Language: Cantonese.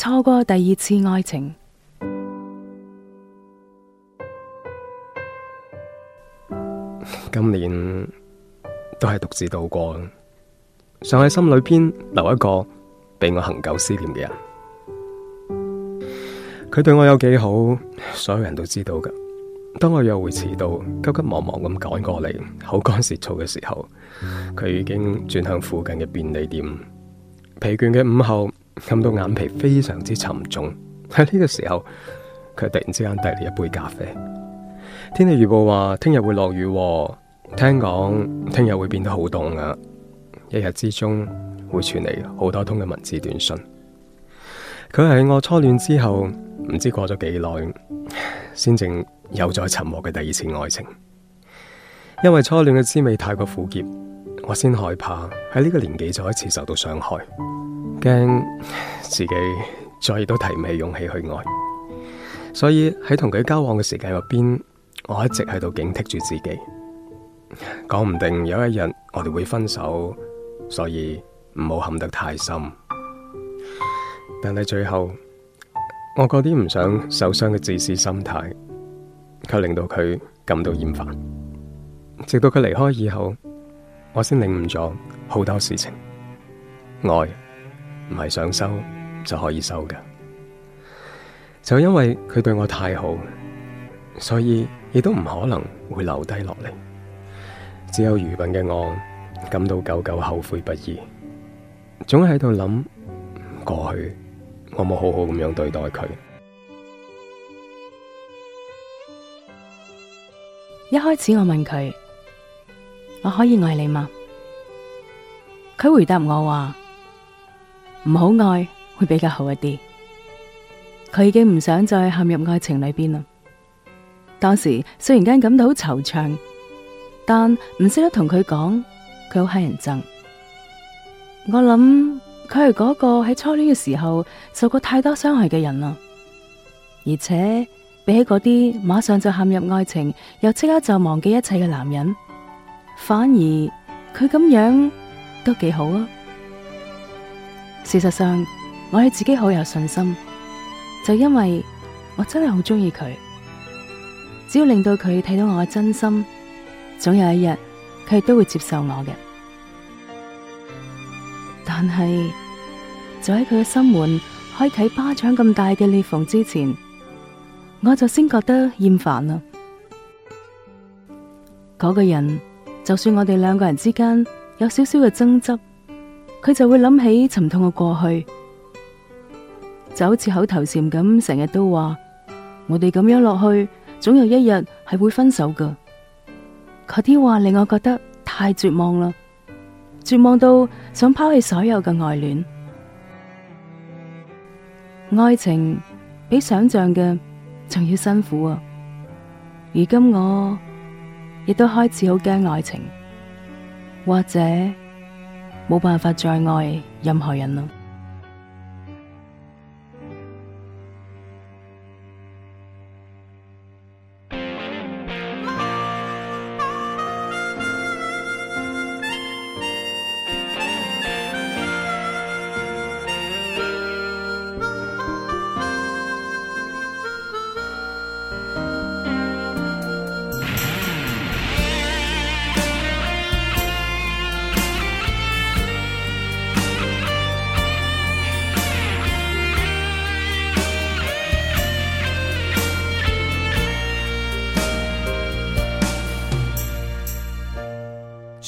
錯過第二次愛情，今年都係獨自度過。想喺心裏邊留一個俾我恒久思念嘅人。佢對我有幾好，所有人都知道㗎。當我約會遲到，急急忙忙咁趕過嚟，口乾舌燥嘅時候，佢已經轉向附近嘅便利店。疲倦嘅午後。感到眼皮非常之沉重，喺呢個時候，佢突然之間遞嚟一杯咖啡。天氣預報話聽日會落雨，聽講聽日會變得好凍噶。一日之中會傳嚟好多通嘅文字短信。佢係我初戀之後，唔知過咗幾耐，先至有再沉默嘅第二次愛情，因為初戀嘅滋味太過苦澀。我先害怕喺呢個年紀再一次受到傷害，驚自己再亦都提唔起勇氣去愛。所以喺同佢交往嘅時間入邊，我一直喺度警惕住自己。講唔定有一日我哋會分手，所以唔好陷得太深。但係最後，我嗰啲唔想受傷嘅自私心態，卻令到佢感到厭煩。直到佢離開以後。我先領悟咗好多事情，愛唔係想收就可以收㗎，就因為佢對我太好，所以亦都唔可能會留低落嚟。只有愚笨嘅我感到久久後悔不已，總喺度諗過去我冇好好咁樣對待佢。一開始我問佢。我可以愛你嗎？佢回答我話，唔好愛會比較好一啲。佢已經唔想再陷入愛情裏邊啦。當時雖然間感到好惆悵，但唔識得同佢講，佢好乞人憎。我諗佢係嗰個喺初戀嘅時候受過太多傷害嘅人啦。而且比起嗰啲馬上就陷入愛情又即刻就忘記一切嘅男人。反而佢咁樣都幾好啊！事實上，我對自己好有信心，就因為我真係好中意佢。只要令到佢睇到我嘅真心，總有一日佢都會接受我嘅。但係就喺佢嘅心門開啟巴掌咁大嘅裂縫之前，我就先覺得厭煩啦。嗰個人。就算我哋兩個人之間有少少嘅爭執，佢就會諗起沉痛嘅過去，就好似口頭禪咁，成日都話我哋咁樣落去，總有一日係會分手噶。嗰啲話令我覺得太絕望啦，絕望到想拋棄所有嘅愛戀，愛情比想象嘅仲要辛苦啊！如今我。亦都開始好驚愛情，或者冇辦法再愛任何人啦。